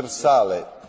trasversale